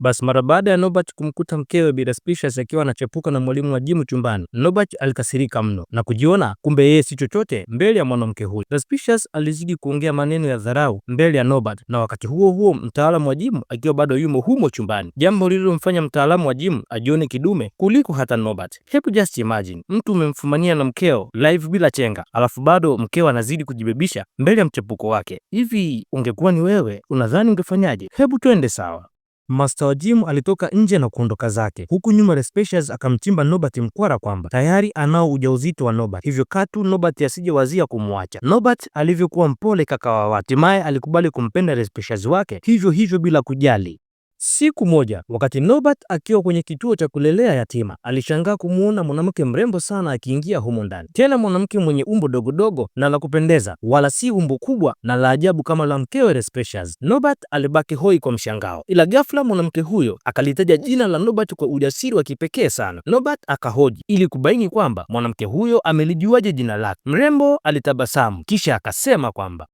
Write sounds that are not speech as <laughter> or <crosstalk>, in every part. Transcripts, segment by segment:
Basi mara baada ya Nobert kumkuta mkewe bila Respishazi akiwa anachepuka na mwalimu wa jimu chumbani, Nobert alikasirika mno na kujiona kumbe yeye si chochote mbele ya mwanamke huyo. Respishazi alizidi kuongea maneno ya dharau mbele ya Nobert, na wakati huo huo mtaalamu wa jimu akiwa bado yumo humo chumbani, jambo lililomfanya mtaalamu wa jimu ajione kidume kuliko hata Nobert. Hebu just imagine, mtu umemfumania na mkeo live bila chenga, alafu bado mkeo anazidi kujibebisha mbele ya mchepuko wake. Hivi ungekuwa ni wewe, unadhani ungefanyaje? Hebu twende sawa Master Jim alitoka nje na kuondoka zake, huku nyuma Respecious akamchimba Nobert mkwara kwamba tayari anao ujauzito wa Nobert, hivyo katu Nobert wazia kumwacha. Nobert alivyokuwa mpole kaka wa watu, hatimaye alikubali kumpenda Respecious wake hivyo hivyo bila kujali. Siku moja wakati Nobat akiwa kwenye kituo cha kulelea yatima, alishangaa kumwona mwanamke mrembo sana akiingia humo ndani, tena mwanamke mwenye umbo dogodogo na la kupendeza, wala si umbo kubwa na la ajabu kama la mkewe Respecious. Nobat alibaki hoi kwa mshangao, ila ghafla mwanamke huyo akalitaja jina la Nobat kwa ujasiri wa kipekee sana. Nobat akahoji ili kubaini kwamba mwanamke huyo amelijuaje jina lake. Mrembo alitabasamu kisha akasema kwamba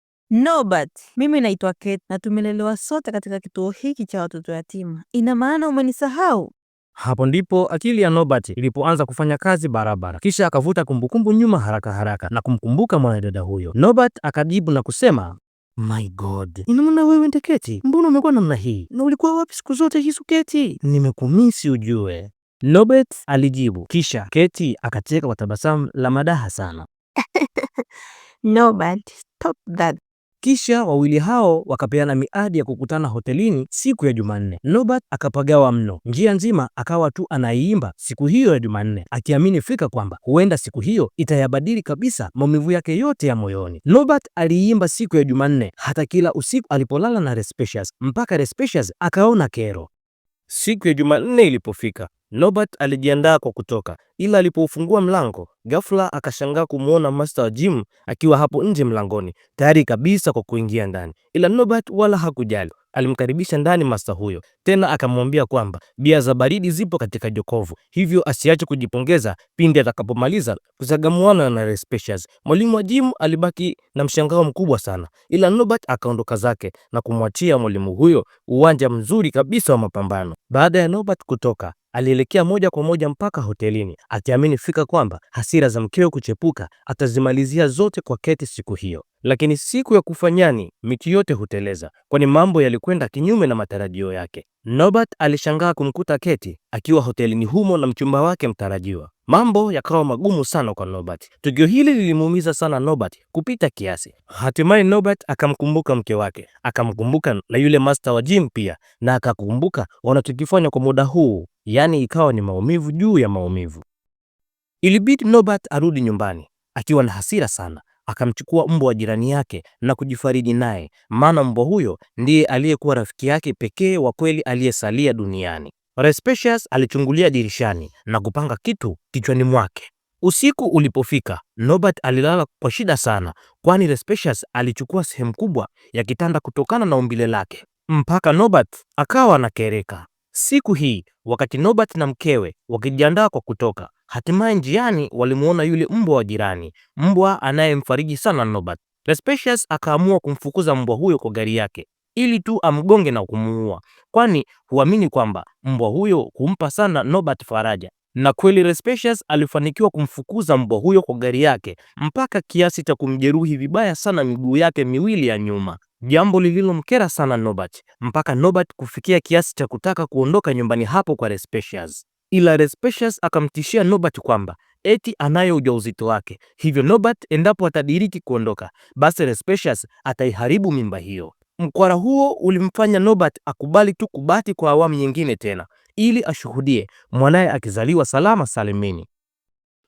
but mimi naitwa Kate na tumelelewa sote katika kituo hiki cha watoto yatima. Ina maana umenisahau? Hapo ndipo akili ya Nobat ilipoanza kufanya kazi barabara, kisha akavuta kumbukumbu nyuma haraka haraka na kumkumbuka mwanadada huyo. Nobat akajibu na kusema My God, inamana wewe keti mbona umekuwa namna hii na ulikuwa wapi siku zote hisu Keti? Nimekumisi ujue, Nobet alijibu, kisha Keti akacheka kwa tabasamu la madaha sana <laughs> Nobat, stop that kisha wawili hao wakapeana miadi ya kukutana hotelini siku ya Jumanne. Nobat akapagawa mno, njia nzima akawa tu anaiimba siku hiyo ya Jumanne, akiamini fika kwamba huenda siku hiyo itayabadili kabisa maumivu yake yote ya moyoni. Nobat aliimba siku ya Jumanne hata kila usiku alipolala na Respecious, mpaka Respecious akaona kero. Siku ya Jumanne ilipofika, Norbert alijiandaa kwa kutoka, ila alipoufungua mlango, ghafla akashangaa kumwona Master wa Jim akiwa hapo nje mlangoni, tayari kabisa kwa kuingia ndani. Ila Norbert wala hakujali. Alimkaribisha ndani master huyo, tena akamwambia kwamba bia za baridi zipo katika jokovu, hivyo asiache kujipongeza pindi atakapomaliza kuzagamuana na Respecious. Mwalimu wa Jim alibaki na mshangao mkubwa sana, ila Norbert akaondoka zake na kumwachia mwalimu huyo uwanja mzuri kabisa wa mapambano. Baada ya Norbert kutoka, Alielekea moja kwa moja mpaka hotelini akiamini fika kwamba hasira za mkewe kuchepuka atazimalizia zote kwa keti siku hiyo. Lakini siku ya kufanyani miti yote huteleza, kwani mambo yalikwenda kinyume na matarajio yake. Nobert alishangaa kumkuta keti akiwa hotelini humo na mchumba wake mtarajiwa. Mambo yakawa magumu sana kwa Nobert. Tukio hili lilimuumiza sana Nobert kupita kiasi. Hatimaye Nobert akamkumbuka mke wake, akamkumbuka na yule master wa gym pia, na akakumbuka wanachokifanya kwa muda huu yaani ikawa ni maumivu juu ya maumivu. Ilibidi Nobat arudi nyumbani akiwa na hasira sana. Akamchukua mbwa wa jirani yake na kujifariji naye, maana mbwa huyo ndiye aliyekuwa rafiki yake pekee wa kweli aliyesalia duniani. Respecious alichungulia dirishani na kupanga kitu kichwani mwake. Usiku ulipofika, Nobat alilala kwa shida sana, kwani Respecious alichukua sehemu kubwa ya kitanda kutokana na umbile lake, mpaka Nobat akawa anakereka. Siku hii wakati Nobat na mkewe wakijiandaa kwa kutoka, hatimaye njiani walimuona yule mbwa wa jirani, mbwa anayemfariji sana Nobat. Vespasius akaamua kumfukuza mbwa huyo kwa gari yake ili tu amgonge na kumuua, kwani huamini kwamba mbwa huyo humpa sana Nobat faraja. Na kweli Vespasius alifanikiwa kumfukuza mbwa huyo kwa gari yake mpaka kiasi cha kumjeruhi vibaya sana miguu yake miwili ya nyuma jambo lililomkera sana Norbert, mpaka Norbert kufikia kiasi cha kutaka kuondoka nyumbani hapo kwa Respecious. Ila Respecious akamtishia Norbert kwamba eti anayo ujauzito wake, hivyo Norbert endapo atadiriki kuondoka, basi Respecious ataiharibu mimba hiyo. Mkwara huo ulimfanya Norbert akubali tu kubaki kwa awamu nyingine tena ili ashuhudie mwanaye akizaliwa salama salimini.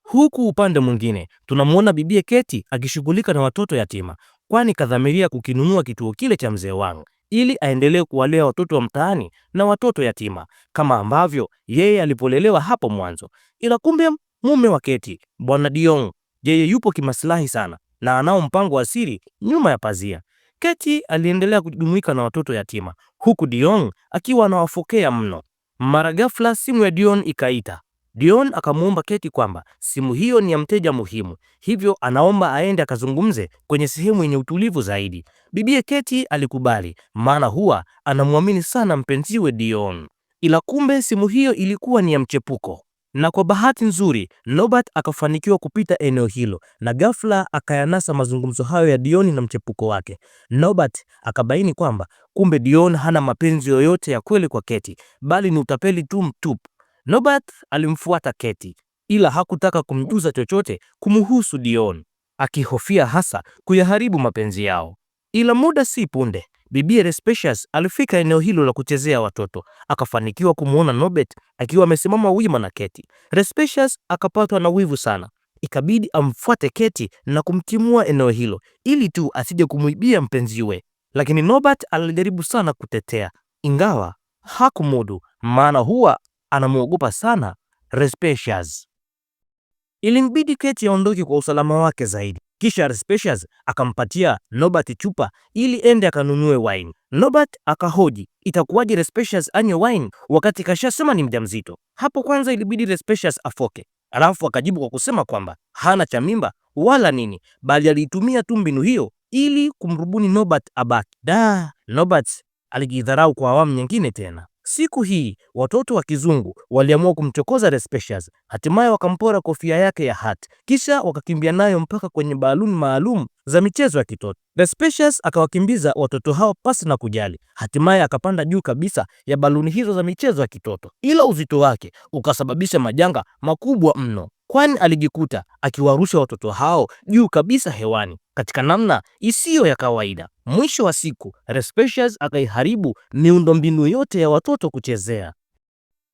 Huku upande mwingine tunamwona bibie Keti akishughulika na watoto yatima kwani kadhamiria kukinunua kituo kile cha mzee Wang ili aendelee kuwalea watoto wa mtaani na watoto yatima kama ambavyo yeye alipolelewa hapo mwanzo. Ila kumbe mume wa Keti, Bwana Diong, yeye yupo kimaslahi sana na anao mpango wa siri nyuma ya pazia. Keti aliendelea kujumuika na watoto yatima huku Diong akiwa anawafokea mno. Mara ghafla simu ya Dion ikaita. Dion akamwomba Keti kwamba simu hiyo ni ya mteja muhimu, hivyo anaomba aende akazungumze kwenye sehemu yenye utulivu zaidi. Bibie Keti alikubali, maana huwa anamwamini sana mpenziwe Dion, ila kumbe simu hiyo ilikuwa ni ya mchepuko na kwa bahati nzuri Nobat akafanikiwa kupita eneo hilo na ghafla akayanasa mazungumzo hayo ya Dion na mchepuko wake. Nobat akabaini kwamba kumbe Dion hana mapenzi yoyote ya kweli kwa Keti, bali ni utapeli tu mtupu nobert alimfuata keti ila hakutaka kumjuza chochote kumhusu Dion, akihofia hasa kuyaharibu mapenzi yao. Ila muda si punde, Bibi Respecious alifika eneo hilo la kuchezea watoto, akafanikiwa kumwona nobet akiwa amesimama wima na keti Respecious akapatwa na wivu sana, ikabidi amfuate keti na kumtimua eneo hilo ili tu asije kumwibia mpenziwe, lakini Norbert alijaribu sana kutetea, ingawa hakumudu maana huwa anamwogopa sana Respecious. Ilimbidi Kate aondoke kwa usalama wake zaidi. Kisha Respecious akampatia Nobat chupa ili ende akanunue wine. Nobat akahoji, itakuwaje Respecious anywe wine wakati kashasema ni mjamzito? Hapo kwanza ilibidi Respecious afoke. Alafu akajibu kwa kusema kwamba hana cha mimba wala nini, bali aliitumia tu mbinu hiyo ili kumrubuni Nobat abaki. Da, Nobat alijidharau kwa awamu nyingine tena. Siku hii watoto wa kizungu waliamua kumchokoza Respecious, hatimaye wakampora kofia yake ya hat, kisha wakakimbia nayo mpaka kwenye baluni maalum za michezo ya kitoto. Respecious akawakimbiza watoto hao pasi na kujali, hatimaye akapanda juu kabisa ya baluni hizo za michezo ya kitoto, ila uzito wake ukasababisha majanga makubwa mno, kwani alijikuta akiwarusha watoto hao juu kabisa hewani katika namna isiyo ya kawaida. Mwisho wa siku, Respecious akaiharibu miundombinu yote ya watoto kuchezea.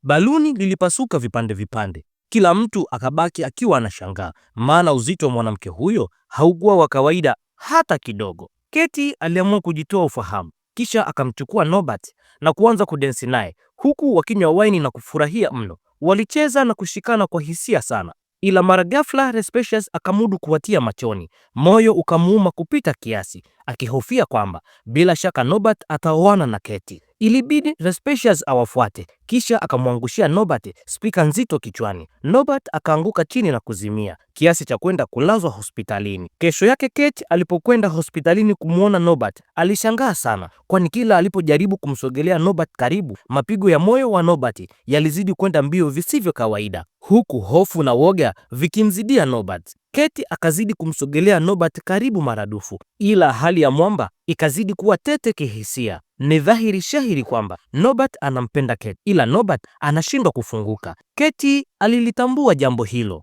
Baluni lilipasuka vipande vipande, kila mtu akabaki akiwa anashangaa, maana uzito wa mwanamke huyo haukuwa wa kawaida hata kidogo. Keti aliamua kujitoa ufahamu, kisha akamchukua Norbert na kuanza kudensi naye, huku wakinywa waini na kufurahia mno. Walicheza na kushikana kwa hisia sana, ila mara ghafla Respecious akamudu kuwatia machoni. Moyo ukamuuma kupita kiasi, akihofia kwamba bila shaka Nobat ataoana na Keti. Ilibidi Vespasius awafuate, kisha akamwangushia Norbert spika nzito kichwani. Norbert akaanguka chini na kuzimia kiasi cha kwenda kulazwa hospitalini. Kesho yake Kate alipokwenda hospitalini kumwona Norbert, alishangaa sana, kwani kila alipojaribu kumsogelea Norbert karibu, mapigo ya moyo wa Norbert yalizidi kwenda mbio visivyo kawaida, huku hofu na woga vikimzidia Norbert. Kate akazidi kumsogelea Norbert karibu maradufu, ila hali ya mwamba ikazidi kuwa tete kihisia. Ni dhahiri shahiri kwamba Nobat anampenda Kate, ila Nobat anashindwa kufunguka. Kate alilitambua jambo hilo.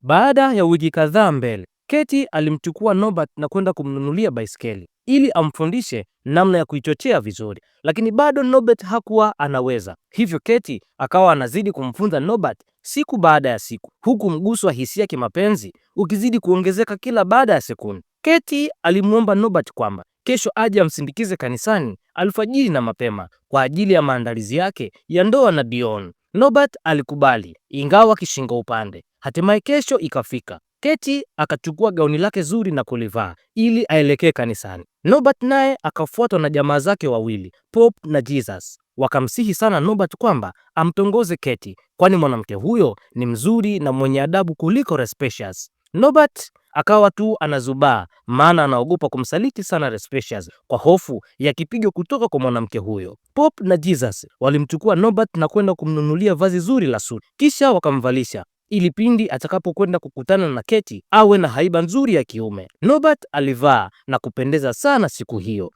Baada ya wiki kadhaa mbele, Kate alimchukua Nobat na kwenda kumnunulia baiskeli ili amfundishe namna ya kuichochea vizuri, lakini bado Nobat hakuwa anaweza. Hivyo Kate akawa anazidi kumfunza Nobat siku baada ya siku, huku mguso wa hisia kimapenzi ukizidi kuongezeka kila baada ya sekunde. Kate alimwomba Nobat kwamba kesho aje amsindikize kanisani alfajiri na mapema kwa ajili ya maandalizi yake ya ndoa na Dion. nobert alikubali ingawa kishingo upande. Hatimaye kesho ikafika. Keti akachukua gauni lake zuri na kulivaa ili aelekee kanisani. nobert naye akafuatwa na jamaa zake wawili, Pop na Jesus. Wakamsihi sana nobert kwamba amtongoze Keti, kwani mwanamke huyo ni mzuri na mwenye adabu kuliko Respecious. Norbert akawa tu anazubaa, maana anaogopa kumsaliti sana Respecious kwa hofu ya kipigo kutoka kwa mwanamke huyo. Pop na Jesus walimchukua Norbert na kwenda kumnunulia vazi zuri la suti, kisha wakamvalisha ili pindi atakapokwenda kukutana na Keti awe na haiba nzuri ya kiume. Norbert alivaa na kupendeza sana siku hiyo.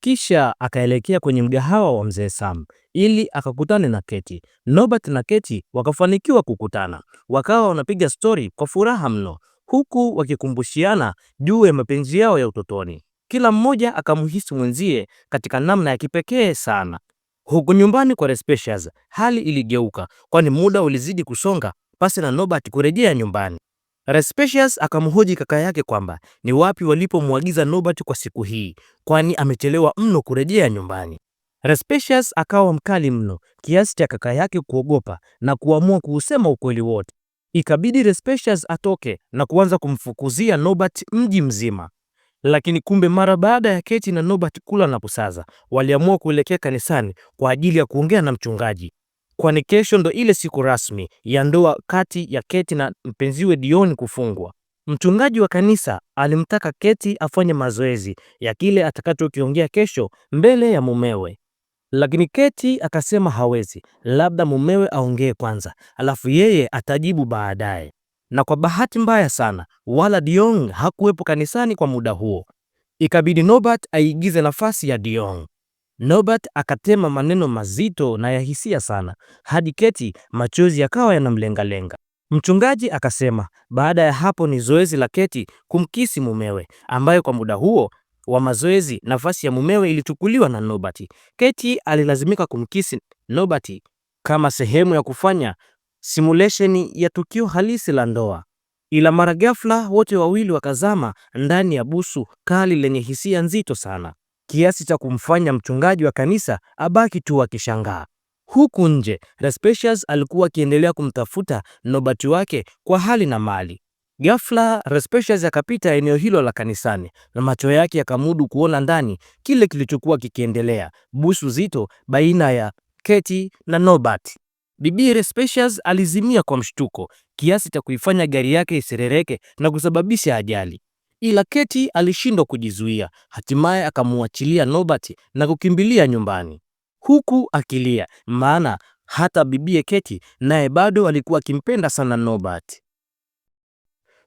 Kisha akaelekea kwenye mgahawa wa mzee Sam ili akakutane na Keti. Nobat na Keti wakafanikiwa kukutana, wakawa wanapiga stori kwa furaha mno, huku wakikumbushiana juu ya mapenzi yao ya utotoni. Kila mmoja akamhisi mwenzie katika namna ya kipekee sana. Huku nyumbani kwa Respecious hali iligeuka, kwani muda ulizidi kusonga pasi na Nobat kurejea nyumbani. Respecious akamhoji kaka yake kwamba ni wapi walipomwagiza Nobert kwa siku hii, kwani amechelewa mno kurejea nyumbani. Respecious akawa mkali mno kiasi cha kaka yake kuogopa na kuamua kuusema ukweli wote. Ikabidi Respecious atoke na kuanza kumfukuzia Nobert mji mzima. Lakini kumbe mara baada ya Keti na Nobert kula na kusaza, waliamua kuelekea kanisani kwa ajili ya kuongea na mchungaji kwani kesho ndo ile siku rasmi ya ndoa kati ya Keti na mpenziwe Dion kufungwa. Mchungaji wa kanisa alimtaka Keti afanye mazoezi ya kile atakachokiongea kesho mbele ya mumewe, lakini Keti akasema hawezi, labda mumewe aongee kwanza, alafu yeye atajibu baadaye. Na kwa bahati mbaya sana, wala Dion hakuwepo kanisani kwa muda huo, ikabidi Nobat aigize nafasi ya Dion. Norbert akatema maneno mazito na ya hisia sana hadi Keti machozi yakawa yanamlengalenga. Mchungaji akasema baada ya hapo ni zoezi la Keti kumkisi mumewe, ambayo kwa muda huo wa mazoezi nafasi ya mumewe ilichukuliwa na Norbert. Keti alilazimika kumkisi Norbert kama sehemu ya kufanya simulesheni ya tukio halisi la ndoa, ila mara ghafla wote wawili wakazama ndani ya busu kali lenye hisia nzito sana kiasi cha kumfanya mchungaji wa kanisa abaki tu akishangaa. Huku nje, Vespasius alikuwa akiendelea kumtafuta nobati wake kwa hali na mali. Ghafla Vespasius akapita eneo hilo la kanisani na macho yake yakamudu kuona ndani kile kilichokuwa kikiendelea, busu zito baina ya Keti na nobat Bibi Vespasius alizimia kwa mshtuko kiasi cha kuifanya gari yake iserereke na kusababisha ajali ila Keti alishindwa kujizuia, hatimaye akamwachilia Nobati na kukimbilia nyumbani huku akilia, maana hata bibie Keti naye bado alikuwa akimpenda sana Nobati.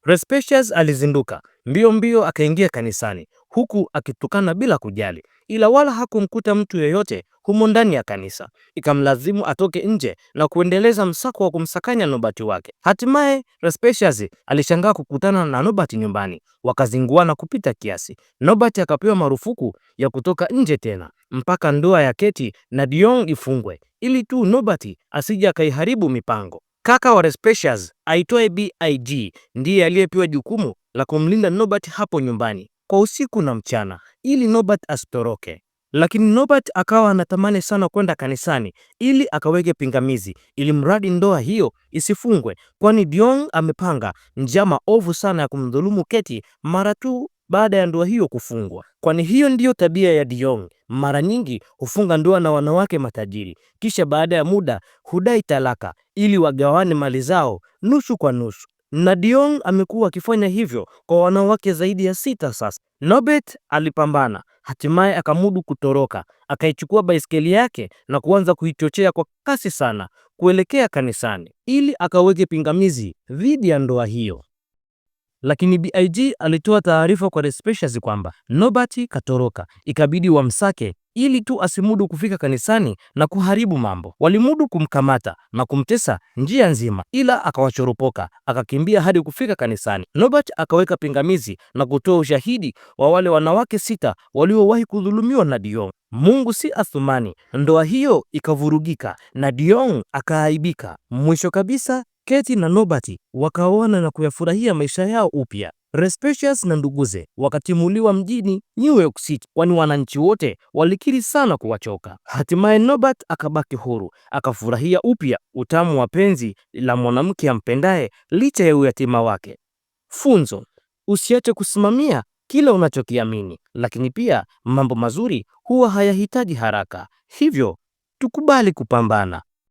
Respecious alizinduka mbio mbio akaingia kanisani huku akitukana bila kujali, ila wala hakumkuta mtu yeyote humo ndani ya kanisa. Ikamlazimu atoke nje na kuendeleza msako wa kumsakanya Nobati wake. Hatimaye Respecius alishangaa kukutana na Nobati nyumbani, wakazinguana kupita kiasi. Nobati akapewa marufuku ya kutoka nje tena mpaka ndoa ya Keti na Dion ifungwe, ili tu Nobati asije akaiharibu mipango. Kaka wa Respecius aitwaye Big ndiye aliyepewa jukumu la kumlinda Nobati hapo nyumbani kwa usiku na mchana ili Norbert asitoroke. Lakini Norbert akawa anatamani sana kwenda kanisani ili akaweke pingamizi ili mradi ndoa hiyo isifungwe, kwani Dion amepanga njama ovu sana ya kumdhulumu Keti mara tu baada ya ndoa hiyo kufungwa, kwani hiyo ndiyo tabia ya Dion. Mara nyingi hufunga ndoa na wanawake matajiri, kisha baada ya muda hudai talaka ili wagawane mali zao nusu kwa nusu na Dion amekuwa akifanya hivyo kwa wanawake zaidi ya sita sasa. Nobet alipambana, hatimaye akamudu kutoroka, akaichukua baiskeli yake na kuanza kuichochea kwa kasi sana kuelekea kanisani ili akaweke pingamizi dhidi ya ndoa hiyo. Lakini BIG alitoa taarifa kwa The Specials kwamba Nobati katoroka, ikabidi wamsake ili tu asimudu kufika kanisani na kuharibu mambo. Walimudu kumkamata na kumtesa njia nzima, ila akawachoropoka akakimbia hadi kufika kanisani. Norbert akaweka pingamizi na kutoa ushahidi wa wale wanawake sita waliowahi kudhulumiwa na Dion. Mungu si Athumani. Ndoa hiyo ikavurugika na Dion akaaibika. Mwisho kabisa, Keti na Norbert wakaoana na kuyafurahia maisha yao upya. Respecious na nduguze wakatimuliwa mjini New York City, kwani wananchi wote walikiri sana kuwachoka. Hatimaye Norbert akabaki huru, akafurahia upya utamu wa penzi la mwanamke ampendaye licha ya uyatima wake. Funzo: usiache kusimamia kila unachokiamini, lakini pia mambo mazuri huwa hayahitaji haraka, hivyo tukubali kupambana.